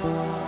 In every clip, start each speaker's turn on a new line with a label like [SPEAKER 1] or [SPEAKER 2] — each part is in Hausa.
[SPEAKER 1] Thank you.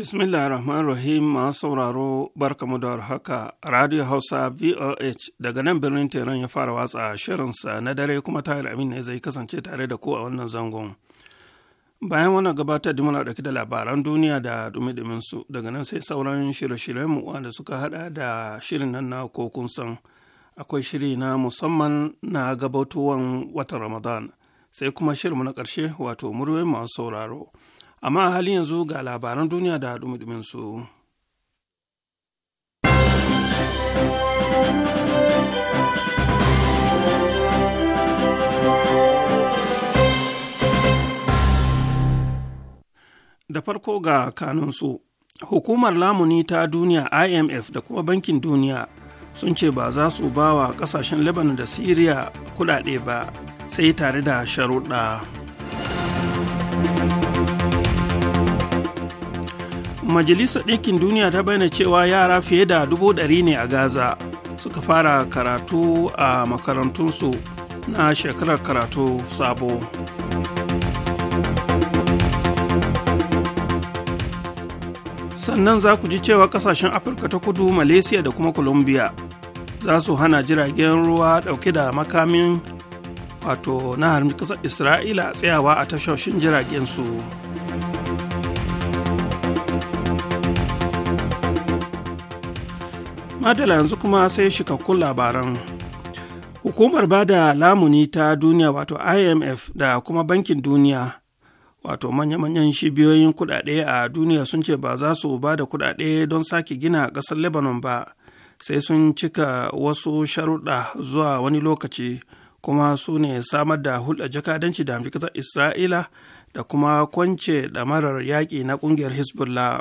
[SPEAKER 2] Bismillah rahman rahim masu sauraro barkamu da haka Radio Hausa VOH daga nan birnin Teran ya fara watsa shirinsa na dare kuma tahir amin ne zai kasance tare da ku a wannan zangon. Bayan wannan gabatar da muna ɗauki da labaran duniya da dumi su daga nan sai sauran shirye-shiryen mu wanda suka hada da shirin nan na ko san akwai shiri na musamman na gabatuwan watan Ramadan sai kuma shirin mu na ƙarshe wato muryoyin masu sauraro. amma halin yanzu ga labaran duniya da dumi su. da farko ga kanunsu hukumar lamuni ta duniya imf da kuma bankin duniya sun ce ba za su ba wa kasashen lebanon da syria kudade ba sai tare da sharuɗa majalisar ɗinkin duniya ta bayyana cewa yara fiye da dubu ɗari ne a gaza suka fara karatu a makarantunsu na shekarar karatu sabo sannan za ku ji cewa kasashen afirka ta kudu malaysia da kuma colombia za su hana jiragen ruwa ɗauke da makamin wato na harin ƙasar isra'ila tsayawa a tashoshin jiragen su. madala yanzu kuma sai shikakkun labaran hukumar bada lamuni ta duniya wato imf da kuma bankin duniya wato manya-manyan shibiyoyin kudade a duniya sun ce ba za su ba da kudade don sake gina ƙasar lebanon ba sai sun cika wasu sharuɗa zuwa wani lokaci kuma su ne samar da hulɗa jakadanci da hamshi ƙasar isra'ila da kuma kwance da marar yaƙi na ƙungiyar hezbollah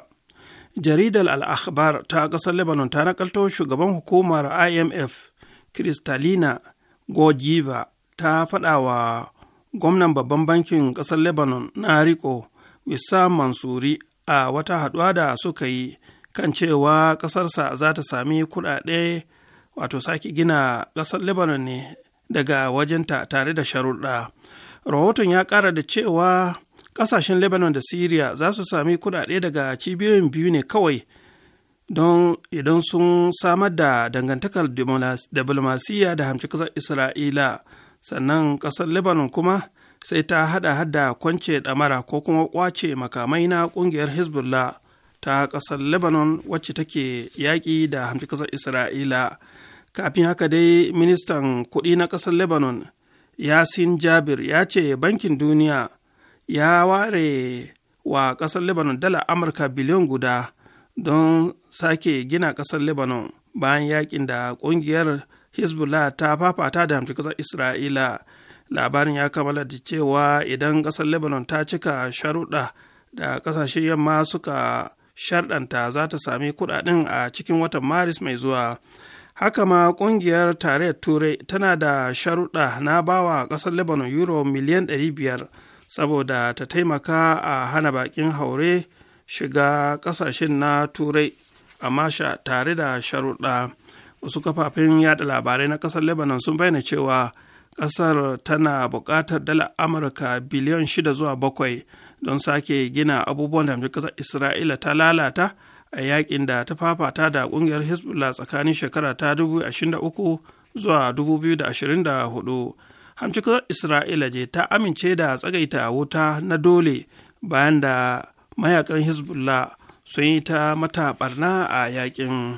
[SPEAKER 2] jaridar al'akhbar ta ƙasar lebanon ta nakalto shugaban hukumar imf kristalina gogiva ta faɗa wa gwamnan babban bankin ƙasar lebanon na riko wissam mansuri a wata haɗuwa da suka yi kan cewa ƙasarsa za ta sami kuɗaɗe wato sake gina ƙasar lebanon ne daga wajenta tare da sharuɗa rahoton ya ƙara da cewa kasashen lebanon da syria za su sami kuɗaɗe daga cibiyoyin biyu ne kawai don idan sun samar da dangantakar diplomasiyya da hamci ƙasar isra'ila sannan ƙasar lebanon kuma sai ta hada hada kwance ɗamara ko kuma kwace makamai na ƙungiyar hezbollah ta ƙasar lebanon wacce take yaƙi da hamci ƙasar isra'ila kafin haka dai ministan kuɗi na ƙasar lebanon yasin jabir ya ce bankin duniya ya ware wa ƙasar lebanon dala amurka biliyon guda don sake gina ƙasar lebanon bayan yakin da ƙungiyar hezbollah ta fafata da hamci ƙasar isra'ila labarin ya kammala da cewa idan ƙasar lebanon ta cika sharuɗa da ƙasashen yamma suka sharɗanta za ta sami kuɗaɗen a cikin watan maris mai zuwa haka ma ƙungiyar tarayyar turai tana da sharuɗa na bawa ƙasar lebanon euro miliyan 500 saboda ta taimaka a hana bakin haure shiga kasashen na turai a amma tare da sharuɗa wasu kafafen yada labarai na ƙasar lebanon sun bayyana cewa ƙasar tana buƙatar dala amurka biliyan shida zuwa bakwai don sake gina abubuwan da ƙasar isra'ila ta lalata a yakin da ta fafata da ƙungiyar hezbollah tsakanin shekara ta 2023 zuwa 2024 hamci isra'ila je ta amince da tsagaita wuta na dole bayan da mayakan hezbollah sun yi ta mata barna a yakin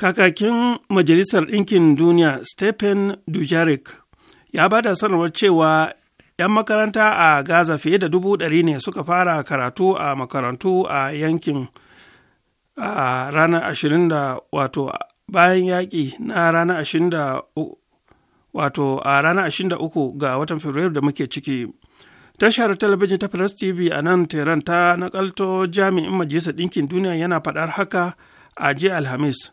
[SPEAKER 2] kakakin majalisar ɗinkin duniya stephen dujarik ya ba da sanarwar cewa 'yan makaranta a gaza fiye da dubu ɗari ne suka fara karatu a makarantu a yankin a ranar 20 wato bayan yaƙi na rana ashirin da wato a ranar ashirin da uku ga watan fabrairu da muke ciki tashar talabijin ta press tv a nan tehran ta nakalto jami'in majalisa ɗinkin duniya yana faɗar haka a jiya alhamis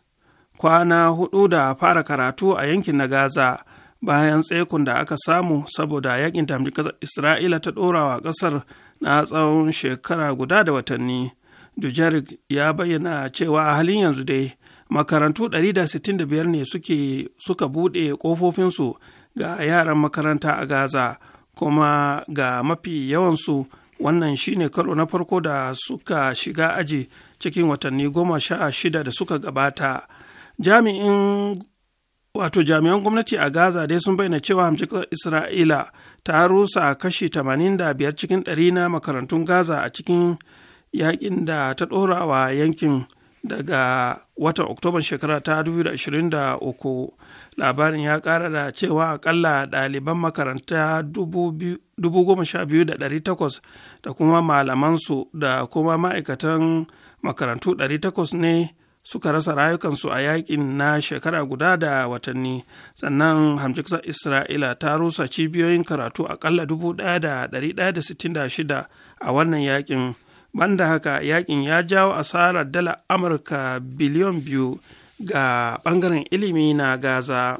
[SPEAKER 2] kwana hudu da fara karatu a yankin na gaza bayan tsekun da aka samu saboda yakin da isra'ila ta ɗora wa ƙasar na tsawon shekara guda da watanni dujarik ya bayyana cewa a halin yanzu dai makarantu 165 ne suke suka buɗe ƙofofinsu ga yaran makaranta a gaza kuma ga mafi yawansu wannan shine karo na farko da suka shiga aji cikin watanni goma sha shida da suka gabata jami'in wato jami'an gwamnati a gaza dai sun bayyana cewa hamjikar isra'ila ta rusa kashi 85 cikin 100 na makarantun gaza a cikin yakin da ta ɗora wa yankin daga watan oktoban shekara ta 2023 labarin ya kara da cewa akalla ɗaliban makaranta 12,800 da kuma malamansu da kuma ma'aikatan makarantu 800 ne suka rasa rayukansu a yakin na shekara guda da watanni sannan hamjiksar isra'ila ta rusa cibiyoyin karatu akalla 1,166 a wannan yakin. banda haka yakin ya jawo asarar dala amurka biliyon biyu ga bangaren ilimi na gaza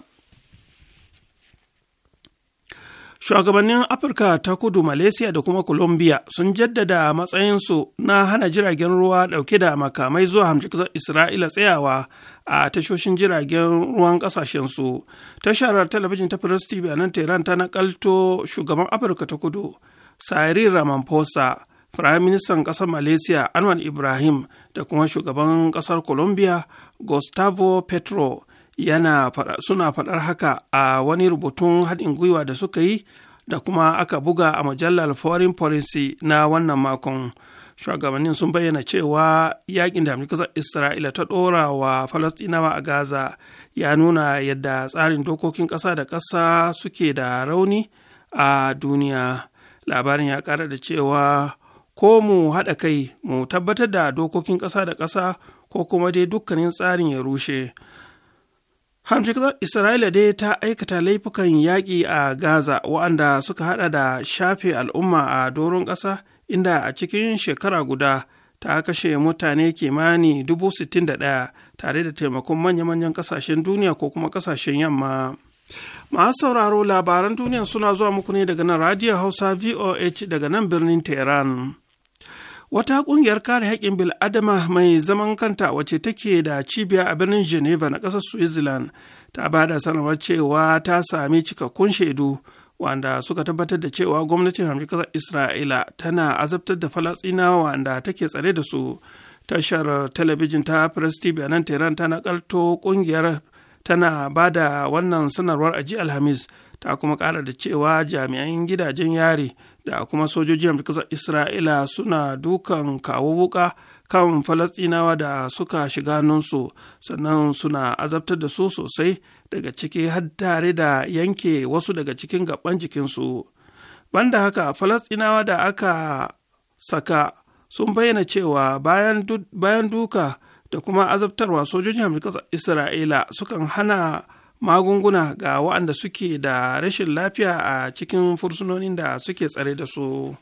[SPEAKER 2] shugabannin afirka ta kudu malaysia da kuma colombia sun jaddada matsayinsu na hana jiragen ruwa dauke da makamai zuwa hamshiksar isra'ila tsayawa a tashoshin jiragen ruwan kasashensu tasharar talabijin ta press tv a nan tehran ta nakalto shugaban afirka ta kudu sairi ramaphosa Firaministan ƙasar Malaysia Anwar Ibrahim da kuma shugaban ƙasar Colombia Gustavo Petro yana fada, suna faɗar haka a wani rubutun haɗin gwiwa da suka yi da kuma aka buga a mujallar Foreign Policy na wannan makon. Shugabannin sun bayyana cewa yakin da Amurkar Isra'ila ta ɗora wa Falastinawa a Gaza ya nuna yadda tsarin dokokin ƙasa da ƙasa suke da rauni a duniya. Labarin ya ƙara da cewa ko mu haɗa kai mu tabbatar da dokokin ƙasa da ƙasa ko kuma dai dukkanin tsarin ya rushe isra'ila dai ta aikata laifukan yaƙi a gaza wa'anda suka haɗa da shafe al'umma a doron ƙasa inda a cikin shekara guda ta kashe mutane kimani dubu sittin da ɗaya tare da taimakon manya-manyan ƙasashen duniya ko kuma ƙasashen yamma masu sauraro labaran duniya suna zuwa muku ne daga nan radio hausa voh daga nan birnin tehran Wata ƙungiyar kare haƙƙin bil'adama mai zaman kanta wacce take da cibiya a birnin Geneva na ƙasar Switzerland ta ba da sanarwar cewa ta sami cikakkun shaidu wanda suka tabbatar da cewa gwamnatin Amurka Isra'ila tana azabtar da Falasɗinawa wanda take tsare da su. Tashar talabijin ta Press TV a nan Tehran ta nakalto ƙungiyar tana ba da wannan sanarwar a ji Alhamis ta kuma ƙara da cewa jami'an gidajen yari da kuma sojojin da isra'ila suna dukan kawo wuka kan falastinawa da suka shiga nunsu sannan suna azabtar da su sosai daga ciki har tare da yanke wasu daga cikin gaban jikinsu banda haka falastinawa da aka saka sun bayyana cewa bayan duka da kuma azabtarwa sojojin da isra'ila sukan hana magunguna ga waɗanda suke da rashin lafiya a cikin fursunonin da suke tsare da su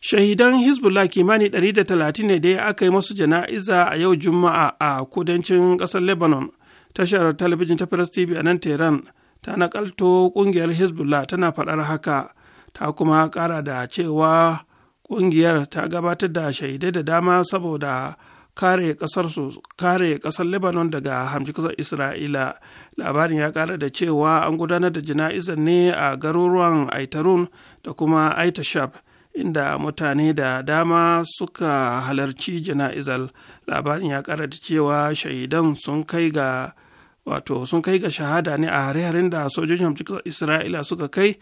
[SPEAKER 2] shahidan hezbollah kimani 130 ne dai aka yi masu jana'iza a yau juma'a a kudancin ƙasar lebanon tashar talabijin ta press tv a nan tehran ta nakalto ƙungiyar hezbollah tana faɗar haka ta kuma ƙara da cewa ƙungiyar ta gabatar da shahidai da dama saboda kare kasar su kare kasar lebanon daga hamshi isra'ila labarin ya kara da cewa an gudanar da jana'izar ne a garuruwan aitarun da kuma aitashab inda mutane da dama suka halarci jana'izar labarin ya kara da cewa shaidan sun kai ga wato sun kai ga shahada ne a hare-haren da sojojin hamshi isra'ila suka kai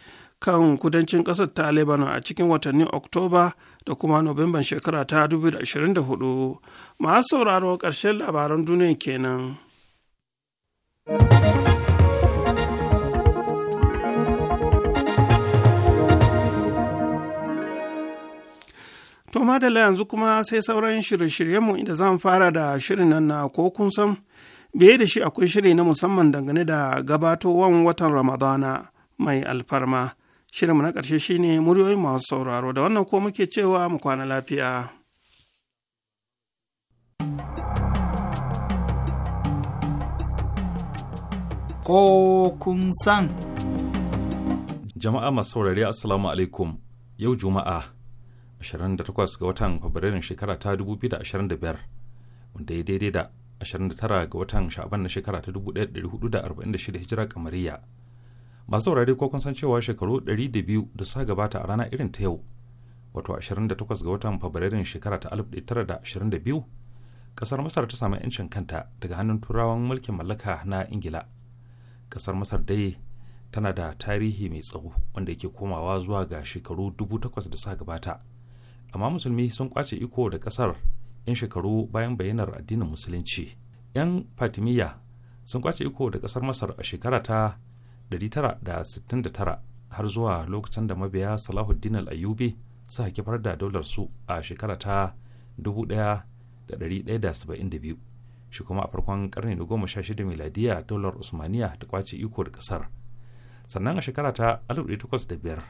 [SPEAKER 2] kan kudancin ƙasar ta lebanon a cikin watannin oktoba da kuma Nuwamban shekara ta 2024 masu sauraro ƙarshen labaran duniya kenan. To da yanzu kuma sai sauran shirye-shiryenmu inda zan fara da shirin nan na ko kun san biye da shi akwai shiri na musamman dangane da gabatowan watan Ramadana mai alfarma. Shirinmu na ƙarshe shine muryoyin masu sauraro da wannan ko muke cewa mu kwana lafiya.
[SPEAKER 3] Ko kun san.
[SPEAKER 4] Jama'a masu saurari Assalamu alaikum yau Juma'a 28 ga watan Fabrairun shekara ta 2025 wanda ya daidai da 29 ga watan Sha'aban na shekara ta 1446 Hijira kamariya. masu saurare ko kun san cewa shekaru 200 da suka gabata a rana irin ta yau wato 28 ga watan fabrairun shekara ta 1922 kasar masar ta samu 'yancin kanta daga hannun turawan mulkin mallaka na ingila kasar masar dai tana da tarihi mai tsawo wanda yake komawa zuwa ga shekaru 8,000 da suka gabata amma musulmi sun kwace iko da kasar 'yan shekaru bayan bayyanar addinin musulunci 'yan fatimiyya sun kwace iko da kasar masar a shekara ta 1969 har zuwa lokacin da mabiya salahuddin al-ayyubi su far da daular su a shekara ta 1172 shi kuma a farkon karni na goma sha shida miladiya daular usmaniya ta kwace iko da kasar sannan a shekara ta 1805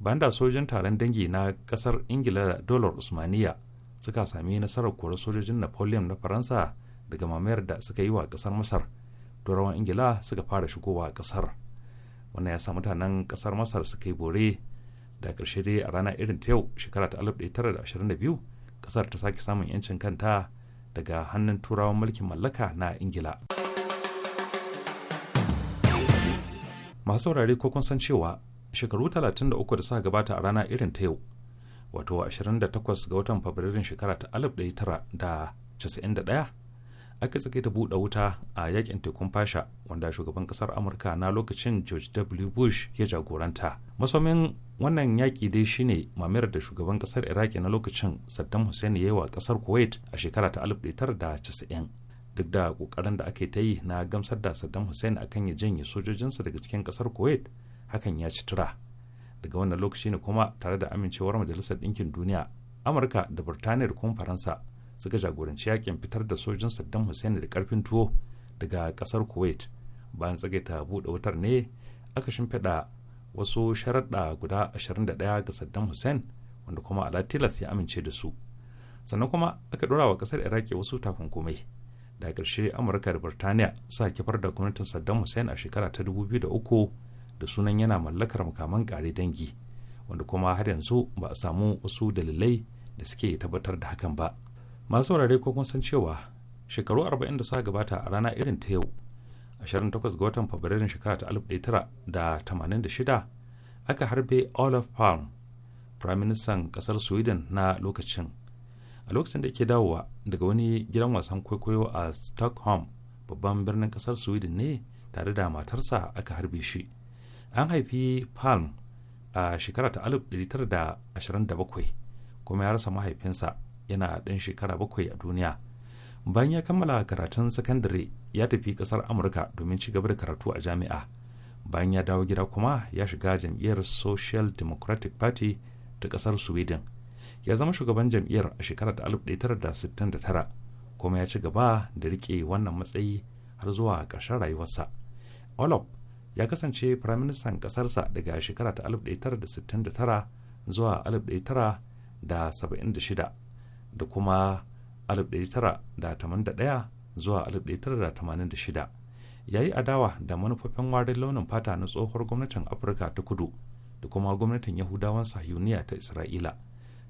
[SPEAKER 4] bayan da sojin taron dangi na kasar ingila da daular usmaniya suka sami nasarar korar sojojin napoleon na faransa daga mamayar da suka yi wa kasar masar turawan ingila suka fara shigowa kasar wannan ya sa mutanen kasar masar suka yi bore da ƙarshe dai a rana irin ta yau shekara ta 1922 kasar ta sake samun 'yancin kanta daga hannun turawan mulkin mallaka na ingila masu saurare ko kun san cewa shekaru 33 da suka gabata a rana irin ta yau wato 28 ga watan fabrairun shekara ta 1991 aka tsaki ta buɗe wuta a yakin tekun fasha wanda shugaban kasar amurka na lokacin george w bush ya jagoranta masomin wannan yaƙi dai shine mamayar da shugaban kasar iraki na lokacin saddam hussein ya yi wa kasar kuwait a shekara ta alif da 1990 duk da ƙoƙarin da ake ta yi na gamsar da saddam hussein akan ya janye sojojinsa daga cikin kasar kuwait hakan ya ci tura daga wannan lokaci ne kuma tare da amincewar majalisar ɗinkin duniya amurka da burtaniya da kuma faransa suka jagoranci yakin fitar da sojin saddam hussein da karfin tuwo daga kasar kuwait bayan tsagaita buɗe wutar ne aka shimfiɗa wasu sharaɗa guda 21 ga saddam hussein wanda kuma ala tilas ya amince da su sannan kuma aka ɗora wa ƙasar iraki wasu takunkumai da ƙarshe amurka da birtaniya suka kifar da gwamnatin saddam hussein a shekara ta 2003 da sunan yana mallakar makaman ƙare dangi wanda kuma har yanzu ba a samu wasu dalilai da suke tabbatar da hakan ba masu wurare ko kun san cewa shekaru 40 da suka gabata a rana irin ta yau 28 ga watan fabrairun shekara ta 1986 aka harbe olaf palm firaministan kasar sweden na lokacin a lokacin da ke dawowa daga wani gidan wasan kwaikwayo a stockholm babban birnin kasar sweden ne tare da matarsa aka harbe shi an haifi palm a shekara ta 1927 kuma ya rasa mahaifinsa yana ɗan shekara bakwai a duniya bayan ya kammala karatun sakandare ya tafi ƙasar amurka domin ci gaba da karatu a jami'a bayan ya dawo gida kuma ya shiga jam'iyyar social democratic party ta ƙasar sweden ya zama shugaban jam'iyyar a shekara ta 1969 kuma ya ci gaba da riƙe wannan matsayi har zuwa ƙarshen rayuwarsa olaf ya kasance firaministan ƙasarsa daga shekara ta 1969 zuwa 1976 da kuma 1981 zuwa 1986 ya yi adawa da manufofin warin launin fata na tsohuwar gwamnatin afirka ta kudu da kuma gwamnatin yahudawan sahiyuniya ta isra'ila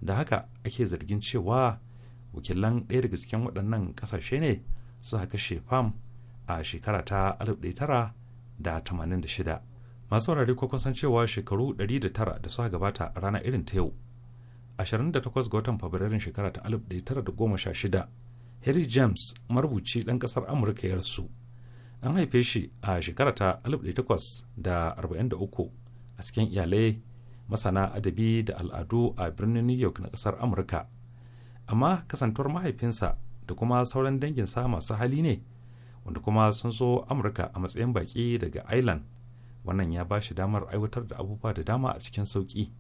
[SPEAKER 4] da haka ake zargin cewa wakilan ɗaya daga cikin waɗannan ƙasashe ne suka kashe fam a shekara ta 1986 masu saurare ko kun san cewa shekaru 109 da suka gabata rana irin ta yau 28 ga watan fabrairun shekara ta 1916 harry james marubuci ɗan ƙasar amurka ya rasu an haife shi a shekara ta 1843 a cikin iyalai masana adabi da al'adu a birnin new york na ƙasar amurka amma kasantuwar mahaifinsa da kuma sauran danginsa masu hali ne wanda kuma sun so amurka a matsayin baƙi daga ireland wannan ya ba shi damar aiwatar da abubuwa da dama a cikin sauƙi.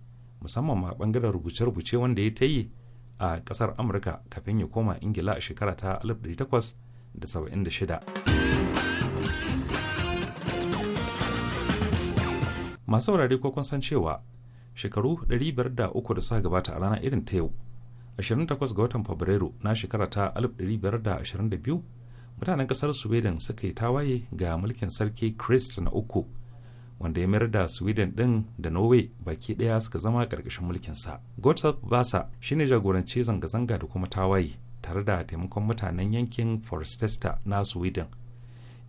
[SPEAKER 4] musamman ma bangaren rubuce-rubuce wanda ya ta yi a kasar amurka kafin ya koma ingila a shekara ta 1876 masu saurare ko san cewa shekaru 503 da suka gabata a rana irin ta yau 28 ga watan fabrairu na shekara ta 1522 mutanen kasar sweden suka yi tawaye ga mulkin sarki christ na uku wanda ya mayar da sweden din da norway baki daya suka zama karkashin mulkinsa gotthard vasa shine jagoranci zanga-zanga da kuma tawaye tare da taimakon mutanen yankin forstester na sweden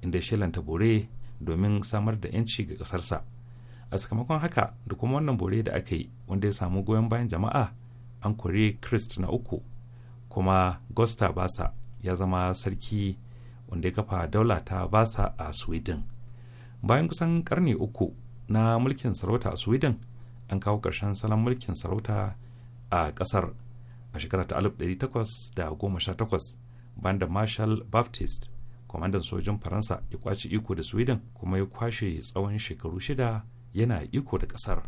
[SPEAKER 4] inda shilanta bore domin samar da 'yanci ga ƙasarsa a sakamakon haka da kuma wannan bore da aka yi wanda ya samu goyon bayan jama'a an kori christ na uku kuma gosta basa ya zama sarki wanda ya kafa daula ta basa a sweden bayan kusan karni uku na mulkin sarauta a sweden an kawo ƙarshen salon mulkin sarauta a ƙasar a shekara ta 1818 bayan da marshal baptist kwamandan sojin faransa ya kwace iko da sweden kuma ya kwashe tsawon shekaru shida yana iko da ƙasar.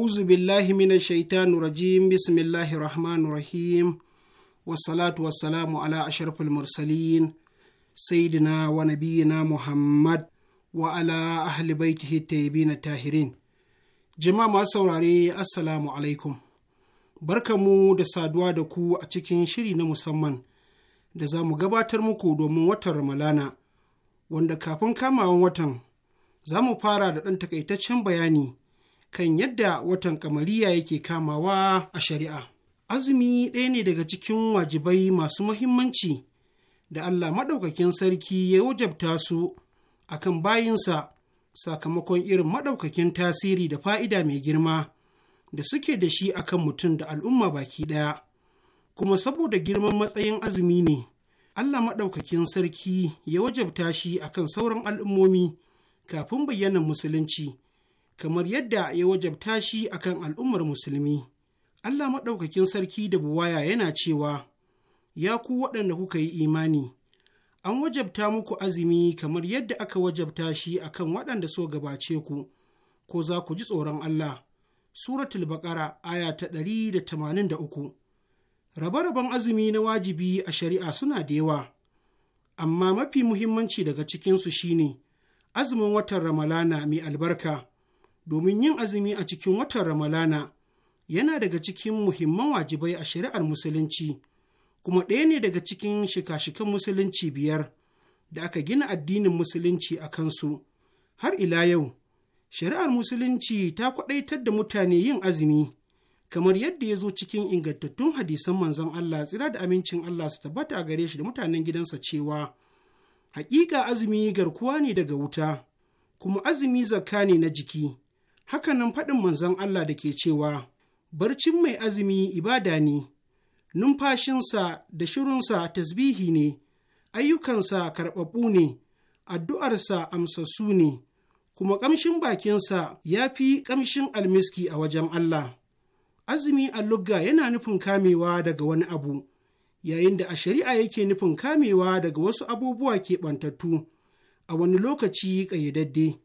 [SPEAKER 3] a'uzu billahi mina shaitanu rajim bismillahi rahmanu rahim wa salamu ala asharfil mursalin Saidina wa nabiyina muhammad wa ala ya bi na tahirin jama'a ma saurare assalamu alaikum mu da saduwa da ku a cikin shiri na musamman da za mu gabatar muku domin watan ramalana wanda kafin kamawan watan za mu fara da ɗan takaitaccen bayani kan yadda watan kamariya yake kamawa a shari'a. Azumi ɗaya ne daga cikin wajibai masu muhimmanci da Allah maɗaukakin sarki ya wajabta su a kan bayinsa sakamakon irin maɗaukakin tasiri da fa'ida mai girma da suke da shi a kan mutum da al'umma baki ɗaya. Kuma saboda girman matsayin azumi ne, Allah maɗaukakin sarki ya wajabta shi a kan sauran al'ummomi kafin bayyana musulunci. kamar yadda ya wajabta shi akan al'ummar musulmi. Allah maɗaukakin sarki da buwaya yana cewa, Ya ku waɗanda kuka yi imani, an wajabta muku azumi kamar yadda aka wajabta shi akan waɗanda so gabace ku, ko za ku ji tsoron Allah. Suratul Baƙara aya ta ɗari da tamanin da uku. Rabe-raben azumi na wajibi a shari'a suna da yawa, amma mafi muhimmanci daga cikinsu shine azumin watan Ramalana mai albarka. domin yin azumi a cikin watan Ramalana yana daga cikin muhimman wajibai a shari'ar Musulunci, kuma ɗaya ne daga cikin shika-shikan Musulunci biyar da aka gina addinin Musulunci a kansu. Har ila yau, shari'ar Musulunci ta kwaɗaitar da mutane yin azumi, kamar yadda ya zo cikin ingantattun hadisan manzon Allah tsira da amincin Allah su tabbata a gare shi da mutanen gidansa cewa, Hakika azumi garkuwa ne daga wuta, kuma azumi zakka ne na jiki. hakanan faɗin manzon Allah da ke cewa barcin mai azumi ibada ne numfashinsa da shirinsa tasbihi ne ayyukansa karɓaɓɓu ne addu'arsa amsassu ne kuma ƙamshin bakinsa ya fi ƙamshin almiski a wajen Allah azumi allugga yana nufin kamewa daga wani abu yayin da a shari'a yake nufin kamewa daga wasu abubuwa ke ɓantattu a wani lokaci ƙayyadadde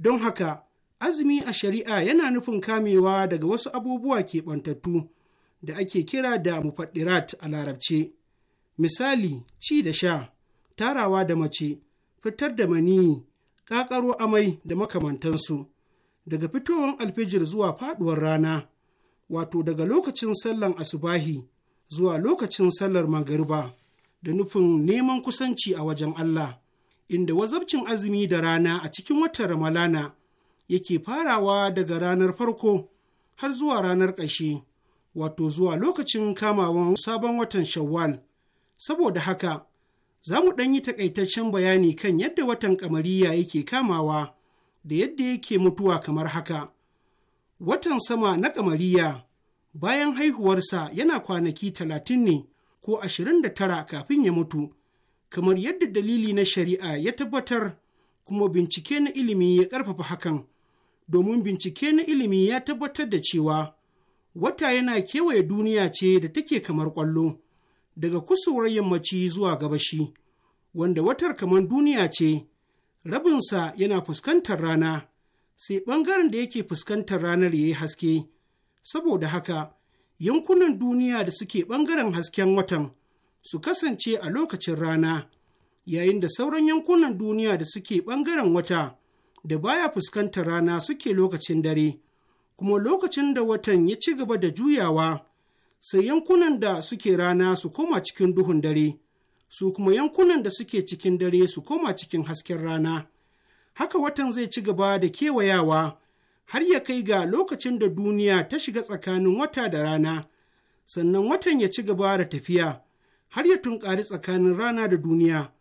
[SPEAKER 3] don haka Azumi a shari'a yana nufin kamewa daga wasu abubuwa keɓantattu da ake kira da mufaddirat a larabce. Misali, ci da sha, tarawa da mace, fitar da maniyi, ƙaƙaro amai da makamantansu. Daga fitowar alfijir zuwa faɗuwar rana, wato daga lokacin sallar asubahi zuwa lokacin sallar magariba, da nufin neman kusanci a wajen Allah, inda wazabcin azumi da rana a cikin watan Ramalana yake farawa daga ranar farko har zuwa ranar ƙashi, wato zuwa lokacin kamawan sabon watan Shawwal. Saboda haka, za mu ɗan yi takaitaccen bayani kan yadda watan kamariya yake kamawa da yadda yake mutuwa kamar haka. Watan sama na kamariya bayan haihuwarsa yana kwanaki talatin ne ko ashirin da tara kafin ya mutu, kamar yadda dalili na shari'a ya tabbatar kuma bincike na ilimi ya ƙarfafa hakan. domin bincike na ilimi ya tabbatar da cewa wata yana kewaye duniya ce da take kamar ƙwallo daga kusurwar yammaci zuwa gabashi wanda watar kamar duniya ce rabinsa yana fuskantar rana sai ɓangaren da yake fuskantar ranar ya yi haske saboda haka yankunan duniya da suke ɓangaren hasken watan su kasance a lokacin rana yayin da sauran yankunan duniya da suke ɓangaren wata da baya fuskantar rana suke lokacin dare kuma lokacin da watan ya ci gaba da juyawa sai yankunan da suke rana su koma cikin duhun dare su kuma yankunan da suke cikin dare su koma cikin hasken rana haka watan zai ci gaba da kewayawa har ya kai ga lokacin da duniya ta shiga tsakanin wata da rana sannan watan ya ci gaba da tafiya har ya tunkari tsakanin rana da duniya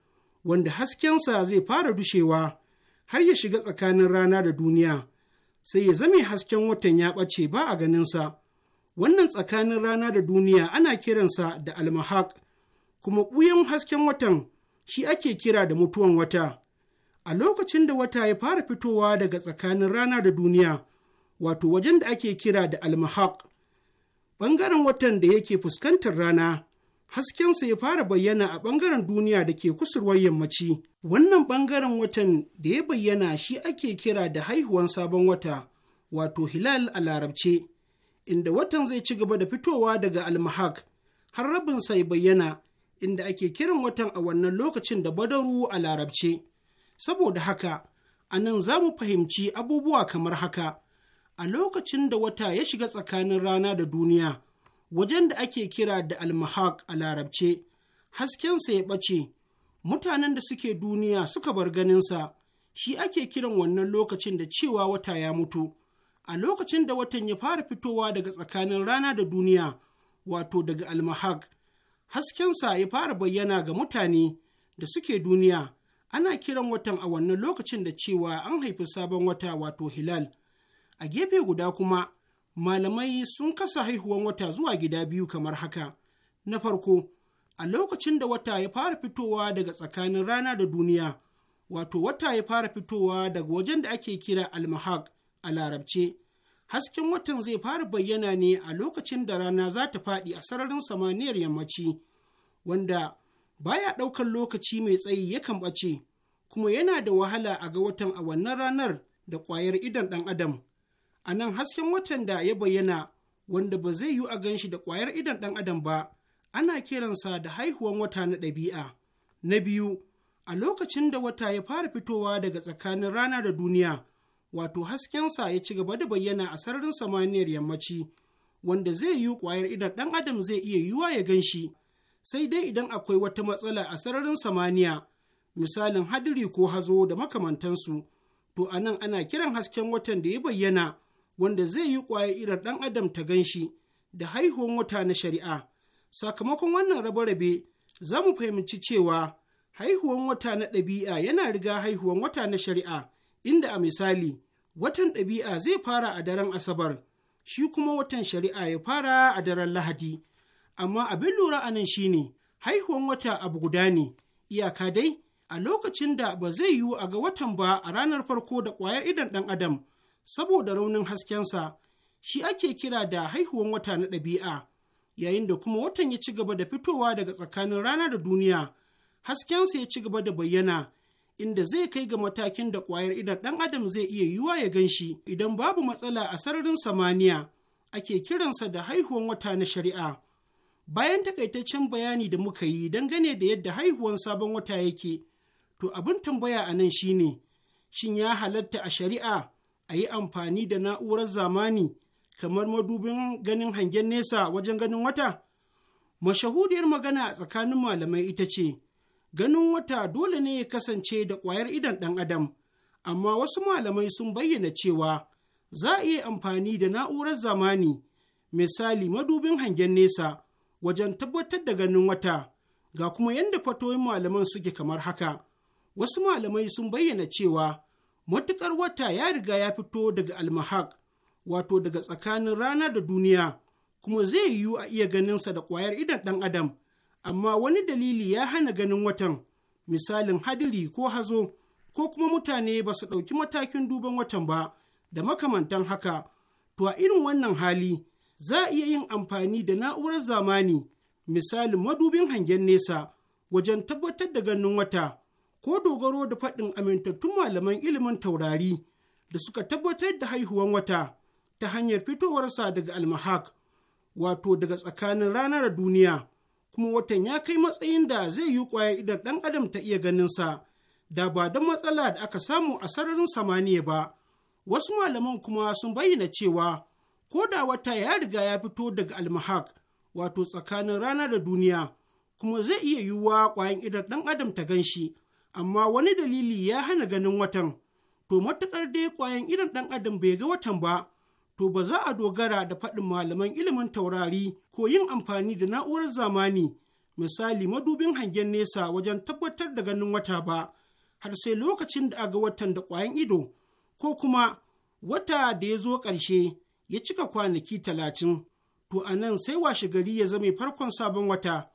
[SPEAKER 3] wanda haskensa zai fara dushewa har ya shiga tsakanin rana da duniya sai ya zame hasken watan ya ɓace ba a ganinsa wannan tsakanin rana da duniya ana kiransa da almahak kuma ɓuyan hasken watan shi ake kira da mutuwan wata a lokacin da wata ya fara fitowa daga tsakanin rana da duniya wato wajen da ake kira da almahak ɓangaren watan da yake fuskantar rana Hasken sa ya fara bayyana a ɓangaren duniya da ke kusurwar yammaci. Wannan ɓangaren watan da ya bayyana shi ake kira da haihuwan sabon wata, wato hilal a larabce, inda watan zai ci gaba da fitowa daga almahak, har sa ya bayyana, inda ake kiran watan a wannan lokacin da badaru a larabce. Saboda haka, a nan za mu fahimci abubuwa kamar haka, a lokacin da wata ya shiga tsakanin rana da duniya. wajen da ake kira da almahak a larabce haskensa ya ɓace mutanen da suke duniya suka bar ganinsa shi ake kiran wannan lokacin da cewa wata ya mutu a lokacin da watan ya fara fitowa daga tsakanin rana da duniya wato daga almahak haskensa ya fara bayyana ga mutane da suke duniya ana kiran watan a wannan lokacin da cewa an haifi sabon wata wato hilal a gefe guda kuma malamai sun kasa haihuwan wata zuwa gida biyu kamar haka. Na farko, a lokacin da wata ya fara fitowa daga tsakanin rana da duniya, wato wata ya fara fitowa daga wajen da ake kira almahak a larabce. Hasken watan zai fara bayyana ne a lokacin da rana za ta faɗi a sararin samaniyar yammaci, wanda baya ɗaukar lokaci mai tsayi yakan ɓace, kuma yana da wahala a ga watan a wannan ranar da ƙwayar idon ɗan adam. a nan hasken watan da ya bayyana wanda ba zai yiwu a ganshi da ƙwayar idon ɗan adam ba ana kiransa da haihuwan wata na ɗabi'a na biyu a lokacin da wata ya fara fitowa daga tsakanin rana da duniya wato haskensa ya ci gaba da bayyana a sararin samaniyar yammaci wanda zai yiwu ƙwayar idon ɗan adam zai iya yiwuwa ya ganshi sai dai idan akwai wata matsala a sararin samaniya misalin hadiri ko hazo da makamantansu to anan ana kiran hasken watan da ya bayyana wanda zai yi ƙwaye irin ɗan adam ta gan shi, da haihuwan wata na shari'a sakamakon wannan rabe-rabe za mu fahimci cewa haihuwan wata na ɗabi'a yana riga haihuwan wata na shari'a inda a misali watan ɗabi'a zai fara a daren asabar shi kuma watan shari'a ya fara a daren lahadi amma abin lura a nan shine haihuwan wata abu guda ne iyaka dai a lokacin da ba zai yiwu a ga watan ba a ranar farko da ƙwayar idan ɗan adam saboda raunin haskensa shi ake kira da haihuwan wata na ɗabi'a yayin da kuma watan ya ci gaba da fitowa daga tsakanin rana da duniya haskensa ya ci gaba da bayyana inda zai kai ga matakin da ƙwayar idan ɗan adam zai iya yiwa ya gan shi idan babu matsala a sararin samaniya ake kiransa da haihuwan wata na shari'a bayan takaitaccen bayani da muka yi dangane da yadda haihuwan sabon wata yake to abin tambaya a nan shine shin ya halatta a shari'a a yi amfani da na'urar zamani kamar madubin ganin hangen nesa wajen ganin wata? Mashahudiyar magana a tsakanin malamai ita ce, ganin wata dole ne ya kasance da ƙwayar idon ɗan adam, amma wasu malamai sun bayyana cewa za a yi amfani da na'urar zamani, misali madubin hangen nesa, wajen tabbatar da ganin wata, ga kuma yadda fatoyin malaman suke kamar haka. Wasu malamai sun bayyana cewa matuƙar wata ya riga ya fito daga almahak wato daga tsakanin rana da duniya kuma zai yiwu a iya ganinsa da ƙwayar idan ɗan adam amma wani dalili ya hana ganin watan misalin hadiri ko hazo ko kuma mutane ba su ɗauki matakin duban watan ba da makamantan haka to a irin wannan hali za a iya yin amfani da na'urar zamani misalin madubin hangen nesa wajen tabbatar da ganin wata ko dogaro da faɗin amintattun malaman ilimin taurari da suka tabbatar da haihuwan wata ta hanyar fitowarsa daga almahak wato daga tsakanin ranar duniya kuma watan ya kai matsayin da zai yi kwaya idan ɗan adam ta iya ganin sa, da ba don matsala da aka samu a sararin samaniya ba wasu malaman kuma sun bayyana cewa ko da wata ya riga ya fito daga almahak wato tsakanin rana da duniya kuma zai iya yiwuwa kwayan idan ɗan adam ta gan shi. amma wani dalili ya hana ganin watan to matuƙar dai ƙwayan irin ɗan adam bai ga watan ba to ba za a dogara da faɗin malaman ilimin taurari ko yin amfani da na'urar zamani misali madubin hangen nesa wajen tabbatar da ganin wata ba har sai lokacin da aga watan da ƙwayan ido ko kuma wata da ya zo ƙarshe ya cika kwanaki talatin to anan sai washe gari ya zame farkon sabon wata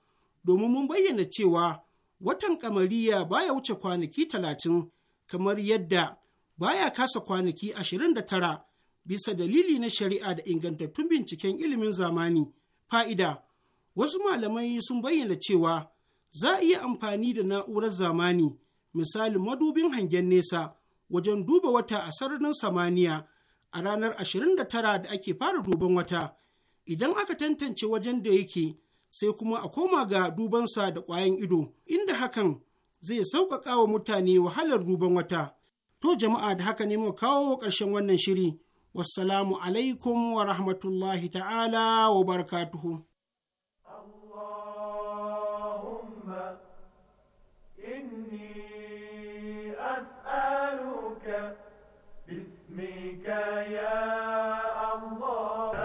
[SPEAKER 3] domin mun bayyana cewa watan kamariya baya wuce kwanaki talatin kamar yadda baya kasa kwanaki ashirin da tara bisa dalili na shari'a da ingantattun binciken ilimin zamani fa'ida wasu malamai sun bayyana cewa za a iya amfani da na'urar zamani misali madubin hangen nesa wajen duba wata a sararin samaniya a ranar 29 da ake fara duban wata idan aka tantance wajen da yake sai kuma a koma ga dubansa da ƙwayan ido inda hakan zai sauƙaƙa wa mutane wahalar duban wata to jama'a da haka ne muka kawo ƙarshen wannan shiri wassalamu alaikum wa rahmatullahi ta'ala wa barakatuhu
[SPEAKER 5] باسمك يا الله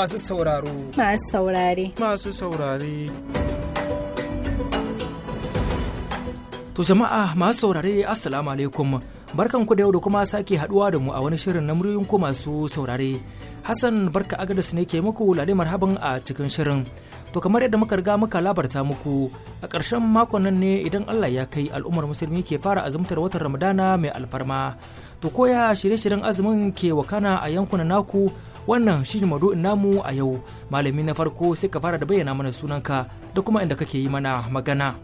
[SPEAKER 6] masu sauraro.
[SPEAKER 7] Masu
[SPEAKER 1] saurare. Masu saurare. To jama'a masu saurare assalamu alaikum barkan ku da yau da kuma sake haduwa da mu a wani shirin na muryoyin ku masu saurare. Hassan barka agadas ne ke muku lalle marhaban a cikin shirin. To kamar yadda muka riga muka labarta muku a ƙarshen makon nan ne idan Allah ya kai al'ummar musulmi ke fara azumtar watan Ramadana mai alfarma. To koya shirye-shiryen azumin ke wakana a yankunan naku wannan shine maudu'in namu a yau malami na farko sai ka fara da bayyana mana sunanka da kuma inda kake yi mana magana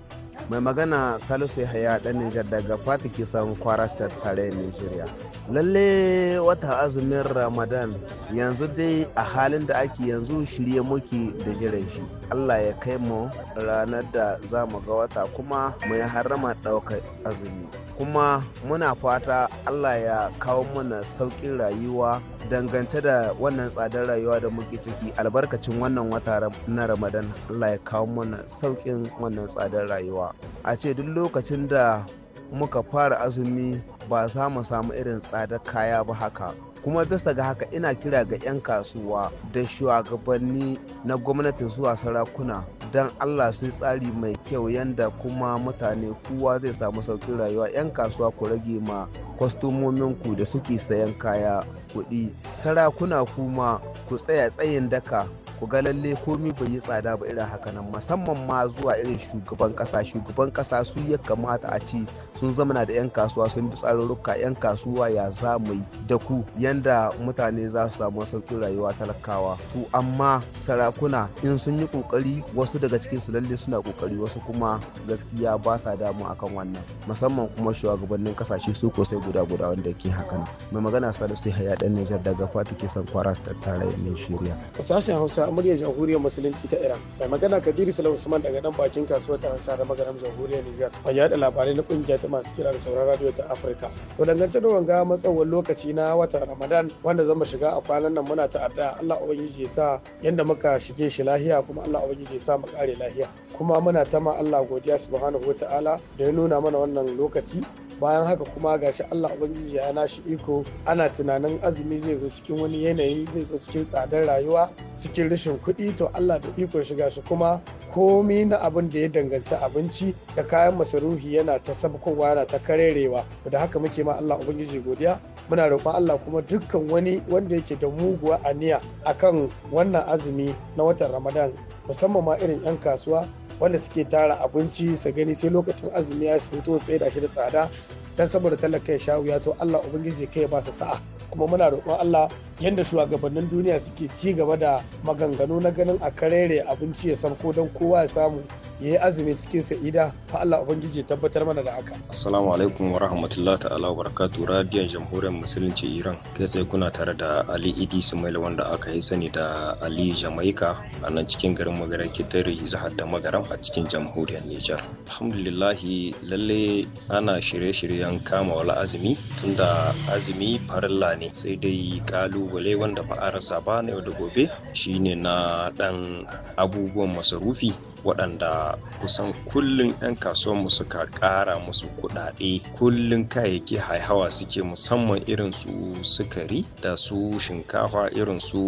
[SPEAKER 8] mai magana salisu haya dan nijar daga fati kisan kwara state tare nigeria lalle wata azumin ramadan yanzu dai a halin da ake yanzu shirye muke da jiran shi allah ya kai mu ranar da za mu ga wata kuma mu harrama daukar azumi kuma muna fata allah ya kawo mana sauƙin rayuwa dangance da wannan tsadar rayuwa da muke ciki albarkacin wannan wata na ramadan allah ya kawo mana sauƙin wannan tsadar rayuwa a ce duk lokacin da muka fara azumi ba za mu samu irin tsadar kaya ba haka kuma bisa ga haka ina kira ga 'yan kasuwa da shugabanni na gwamnati zuwa sarakuna don allah su tsari mai kyau yadda kuma mutane kowa zai samu sauƙin rayuwa 'yan kasuwa ku rage ma kwastomomin ku da suke sayan kaya kuɗi sarakuna kuma ku tsaya tsayin daka ku ga lalle komi bai yi tsada ba irin haka nan musamman ma zuwa irin shugaban kasa shugaban kasa su ya kamata a ci sun zamana da 'yan kasuwa sun bi tsarurruka 'yan kasuwa ya za mu da ku yanda mutane za su samu sauƙin rayuwa talakawa to amma sarakuna in sun yi kokari wasu daga cikin su lalle suna kokari wasu kuma gaskiya ba sa damu akan wannan musamman kuma shugabannin kasashe su ko sai guda guda wanda ke haka nan mai magana salisu haya dan Nijar daga Fati sankwara kwara ta tarayyar Nigeria
[SPEAKER 6] sashen Hausa Hausa muryar Jamhuriyar Musulunci ta Iran. Mai magana Kabiru Sala Usman daga dan bakin kasuwar ta Hansa da magaram Jamhuriyar Nijar. Mai yada labarai na kungiya ta masu kira da sauran radio ta Afirka. To dangance da wanga matsawar lokaci na watan Ramadan wanda zama shiga a kwanan nan muna ta'adda Allah ubangiji ya sa yanda muka shige shi lahiya kuma Allah ubangiji ya sa mu kare lahiya. Kuma muna ta ma Allah godiya subhanahu wataala da ya nuna mana wannan lokaci bayan haka kuma gashi Allah ubangiji ya nashi iko ana tunanin azumi zai zo cikin wani yanayi zai zo cikin tsadar rayuwa cikin rashin kuɗi to Allah da iko shiga shi kuma komi na abin da ya danganci abinci da kayan masarufi yana ta sabkowa yana ta karerewa da haka muke ma Allah ubangiji godiya muna roƙon Allah kuma dukkan wani wanda yake da muguwa aniya akan wannan azumi na watan Ramadan musamman ma irin 'yan kasuwa wanda suke tara abinci su gani sai lokacin azumi ya su fito su da shi da tsada dan saboda talaka ya sha wuya to Allah ubangiji kai ya ba su sa'a kuma muna roƙon Allah yadda shugabannin duniya suke ci gaba da maganganu na ganin a karere abinci ya sarko don kowa ya samu ya yi azumi cikin sa'ida fa Allah ubangiji ya tabbatar
[SPEAKER 9] mana da haka
[SPEAKER 10] assalamu alaikum wa rahmatullahi ta'ala wa barakatuh radiyon jamhuriyar musulunci iran kai sai kuna tare da ali idi sumail wanda aka yi sani da ali jamaika a nan cikin garin magaran kitari zahar da magaram a cikin jamhuriyar nijar alhamdulillahi lalle ana shirye-shiryen kama wala azumi tunda azumi farilla ne sai dai kalu dogale wanda ba a rasa ba na yau da gobe shine na ɗan abubuwan masarufi waɗanda kusan kullum 'yan mu suka ƙara musu kuɗaɗe kullum kayayyaki haihawa suke musamman irin su sukari da su shinkafa irin su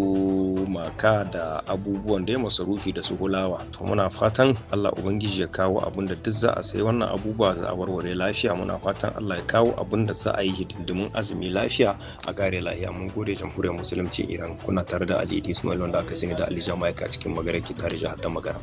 [SPEAKER 10] maka da abubuwan da ya masarufi da su hulawa to muna fatan allah ubangiji ya kawo abin da duk za a sai wannan abubuwa za a warware lafiya muna fatan allah ya kawo abin da za a yi hidindimin azumi lafiya a gare lafiya mun gode jamhuriyar musulunci iran kuna tare da alidi ismail wanda aka sani da ali jamaika cikin magana ki tare jihar da magana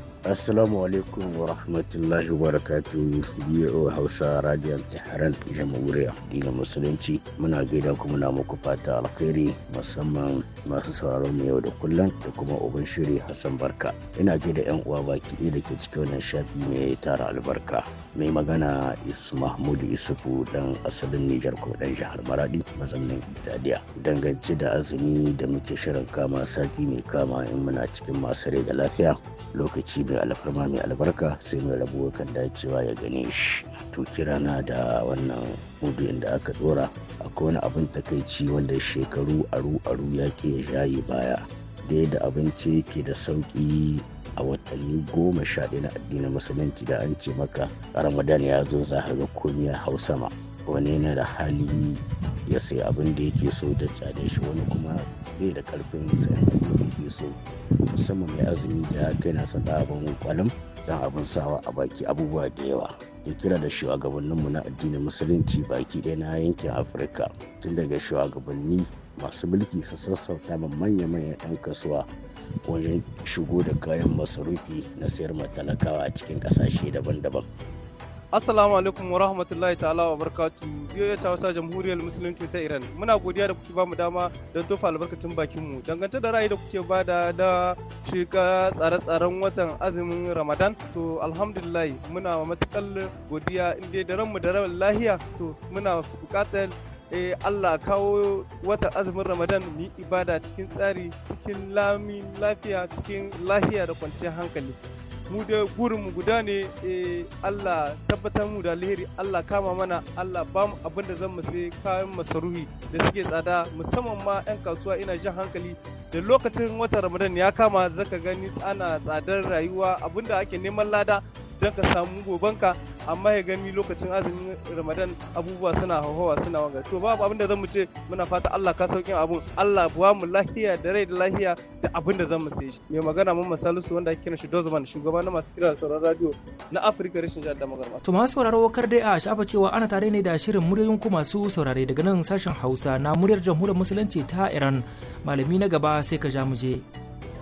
[SPEAKER 11] Assalamu alaikum wa rahmatullahi wa barakatu biyo Hausa Radiyon Tehran Jamhuriyar Dina Musulunci muna gaida ku muna muku fata alkhairi musamman masu sauraron mu yau da kullum da kuma uban shiri Hassan Barka ina gaida yan uwa baki ɗaya da ke cikin wannan shafi ne tara albarka mai magana Isu Mahmudu Isufu dan asalin Nijar ko dan jihar Maradi mazaunin Italiya dangance da azumi da muke shirin kama sati mai kama in muna cikin masu rai da lafiya lokaci mai alfarma dama mai albarka sai mai rabo kan dacewa ya gane shi to na da wannan maudu'in da aka dora akwai wani abin takaici wanda shekaru aru aru ya ke jaye baya da yadda abinci ke da sauki a watanni goma sha ɗaya na addinin musulunci da an ce maka ramadan ya zo za ga komiya hau sama wani yana da hali ya sai abin da yake so da cada shi wani kuma bai da karfin sayan abin da yake so musamman mai azumi da kai na saka abin kwalam don abin sawa a baki abubuwa da yawa ya kira da shugabanninmu na addinin musulunci baki ɗaya na yankin afirka tun daga shugabanni masu mulki su sassauta ma manya-manyan 'yan kasuwa wajen shigo da kayan masarufi na sayar matalakawa a cikin ƙasashe daban-daban
[SPEAKER 12] Assalamu alaikum wa rahmatullahi ta'ala wa barkatu. Biyo ta wasa jamhuriyar musulunci ta Iran. Muna godiya da kuke bamu dama don tofa albarkacin bakin mu. Dangance da ra'ayi da kuke ba da shiga tsare-tsaren watan azumin Ramadan, to alhamdulillah muna matukar godiya inda da ranmu da ran lahiya to muna bukatar eh, Allah kawo watan azumin Ramadan mu ibada cikin tsari, cikin lami lafiya, cikin lahiya da kwanciyar hankali. mu da gurin mu guda ne eh, Allah tabbatar mu da alheri Allah kama mana Allah ba mu abin da zan sai kayan masaruhi da suke tsada musamman ma 'yan kasuwa ina shan hankali da lokacin watan ramadan ya kama zaka gani ana tsadar rayuwa abinda ake neman lada don ka samu gobanka amma ya gani lokacin azumin ramadan abubuwa suna hauhawa suna wanga to babu abin da zamu ce muna fata Allah ka saukin abun Allah buwa mu lahiya da rai da lahiya da abin da mu sai shi mai magana mun masalisu wanda ake kiran shi Dozman shugaba na masu kiran sauran radio na Afirka rashin jihar da magarba
[SPEAKER 1] to masu sauraro kar dai a shafa cewa ana tare ne da shirin muryoyin ku masu saurare daga nan sashen Hausa na muryar jamhuriyar musulunci ta Iran malami na gaba sai ka ja mu je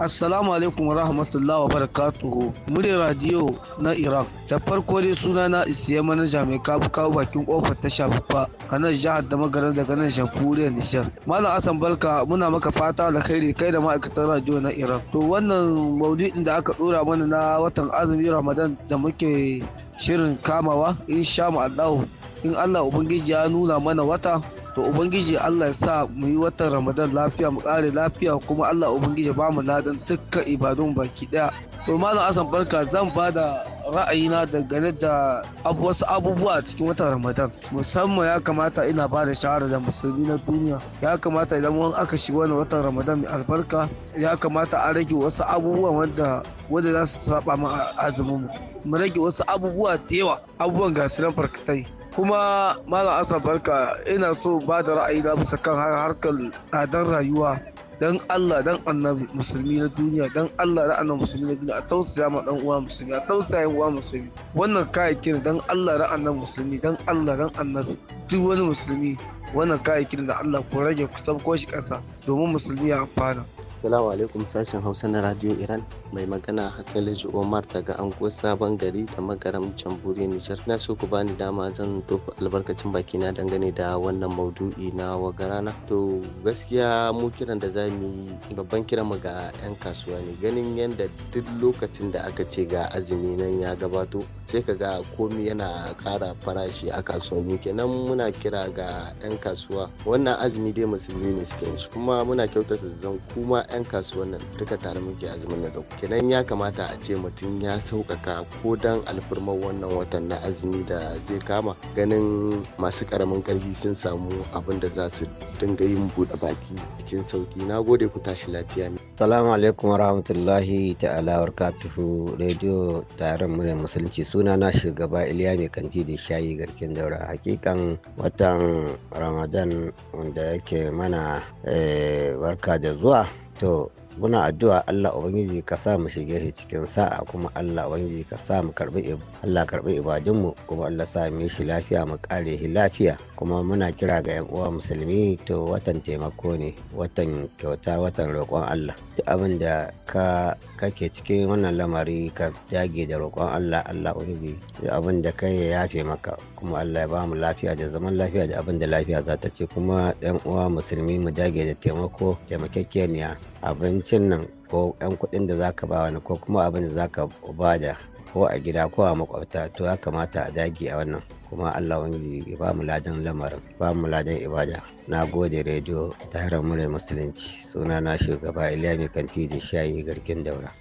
[SPEAKER 13] Assalamu alaikum rahmatullahi wa barakatuhu. Murya radio na Iraq. Da farko dai suna na isiya manaja mai kabu kawo bakin kofar ta shafuffa a nan jihar da magana daga nan Nijar. Malam Asan Barka muna maka fata da kai kai da ma'aikatan radio na Iran. To wannan maudu'in da aka dora mana na watan azumi Ramadan da muke shirin kamawa in sha mu Allah in Allah ubangiji ya nuna mana wata to ubangiji Allah ya sa mu yi watan Ramadan lafiya mu kare lafiya kuma Allah ubangiji ba mu ladan dukkan ibadun baki daya to malam Hassan barka zan ba da ra'ayina dangane da wasu abubuwa a cikin watan Ramadan musamman ya kamata ina ba da shawara da musulmi na duniya ya kamata idan wani aka shiga wani watan Ramadan mai albarka ya kamata a rage wasu abubuwa wanda wanda za su saba ma azumin mu mu rage wasu abubuwa da yawa abubuwan gasiran farkatai kuma mala asa barka ina so ba da ra'ayi na bisa kan harkar tsadar rayuwa dan Allah dan annabi musulmi na duniya dan Allah da annabi musulmi na duniya a tausaya ma dan uwa musulmi a tausaya uwa musulmi wannan kayayyakin dan Allah da annabi musulmi dan Allah dan annabi duk wani musulmi wannan kayayyakin da Allah ko rage kusan ko shi
[SPEAKER 14] kasa domin musulmi ya amfana Assalamu alaikum sashen Hausa na Radio Iran mai magana Hassalaju Omar daga anguwar Sabon Gari da magaram Camburi Nijar. Na so ku bani dama zan tofa albarkacin baki na dangane da wannan maudu'i na wagarana. To gaskiya mu kiran da za mu yi babban kiran mu ga 'yan kasuwa ne ganin yadda duk lokacin da aka ce ga azumi nan ya gabato sai ka ga komi yana ƙara farashi a kasuwanni kenan muna kira ga 'yan kasuwa wannan azumi dai musulmi ne suke shi kuma muna kyautata zan kuma 'yan kasuwan nan duka tare muke azumin na dauku kenan ya kamata a ce mutum ya sauƙaƙa ko dan alfirmar wannan watan na azumi da zai kama ganin masu ƙaramin ƙarfi sun samu abin da za su dinga yin buɗe baki cikin sauki na gode ku tashi lafiya salamu alaikum rahmatullahi ta'ala barkatuhu radio tarin murya musulunci suna na shugaba iliya mai kanti da shayi garkin daura hakikan watan ramadan wanda yake mana eh, barka da zuwa to muna addu'a Allah ubangiji ka sa mu shige shi cikin sa'a kuma Allah ubangiji ka sa mu karbi Allah karbi ibadun mu kuma Allah sa mu shi lafiya mu kare shi lafiya kuma muna kira ga yan uwa musulmi to watan taimako ne watan kyauta watan roƙon Allah duk abin da ka kake cikin wannan lamari ka jage da roƙon Allah Allah ubangiji duk abin da kai ya yafe maka kuma Allah ya ba mu lafiya da zaman lafiya da abin da lafiya za ta ce kuma yan uwa musulmi mu dage da taimako taimakekeniya abincin nan ko 'yan kuɗin da zaka ba wani ko kuma abin da zaka da ko a gida ko a makwabta to ya kamata a dage a wannan kuma Allah wani ba mu ladan lamarin ba mu ladan ibada na gode rediyo ta hira murai musulunci suna na shugaba Iliya mai kanti da shayi garkin daura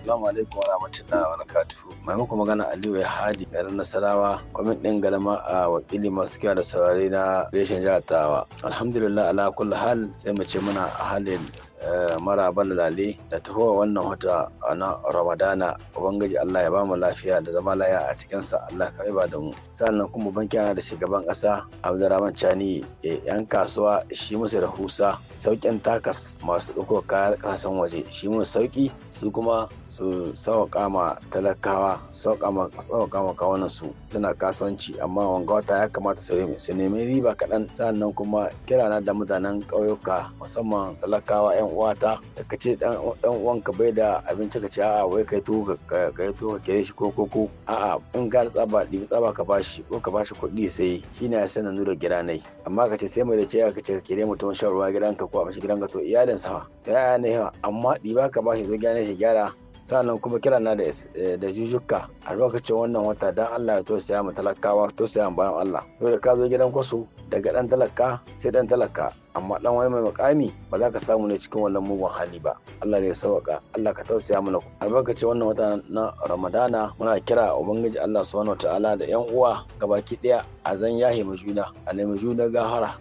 [SPEAKER 15] Assalamu alaikum wa rahmatullahi wa barakatuhu. Mai muku magana Aliyu ya hadi garin Nasarawa, kwamin ɗin galama a wakili masu kyau da saurari na reshen jihar Tawa. Alhamdulillah ala kulli hal sai mu ce muna a halin Eh, maraban lale da tahowa wannan wata na ramadana ubangiji allah ya bamu lafiya da zama laya a cikinsa allah ka ba da mu sannan kuma banki yana da shugaban ƙasa, abdurrahman chani yan kasuwa shi musu husa, sauƙin takas masu ɗauko kayan ƙasashen waje shi musu sauƙi su kuma su sauƙa ma talakawa sauƙa ma kawunan su suna kasuwanci amma wanga wata ya kamata su nemi riba kaɗan sannan kuma kirana da mutanen ƙauyuka musamman talakawa yan uwata da ka ce dan ka bai da abinci ka ce a'a wai kai tuwo ka yi tuwo ka shi ko ko ko a'a in ka tsaba ɗibi tsaba ka bashi ko ka bashi kuɗi sai ne ya sanar nuna gidanai amma ka ce sai mai da ce ka ce ka kire mutum shan ruwa gidanka ko a bashi gidanka to iyalin ba. ya ne amma ɗiba ka bashi zo gidanai shi gyara sa'annan kuma kira na da eh, da jujjuka a lokacin wannan wata dan Allah ya tosaya mu talakawa tosaya mu bayan Allah yau da ka zo gidan kwaso daga dan talaka sai dan talaka amma dan wani mai makami ba za ka samu ne cikin wannan mugun hali ba Allah ya sauka Allah ka tausaya mana albarkacin wannan wata na Ramadana muna kira ubangiji Allah subhanahu wataala da yan uwa gabaki daya a zan yahi mu juna a nemi juna gahara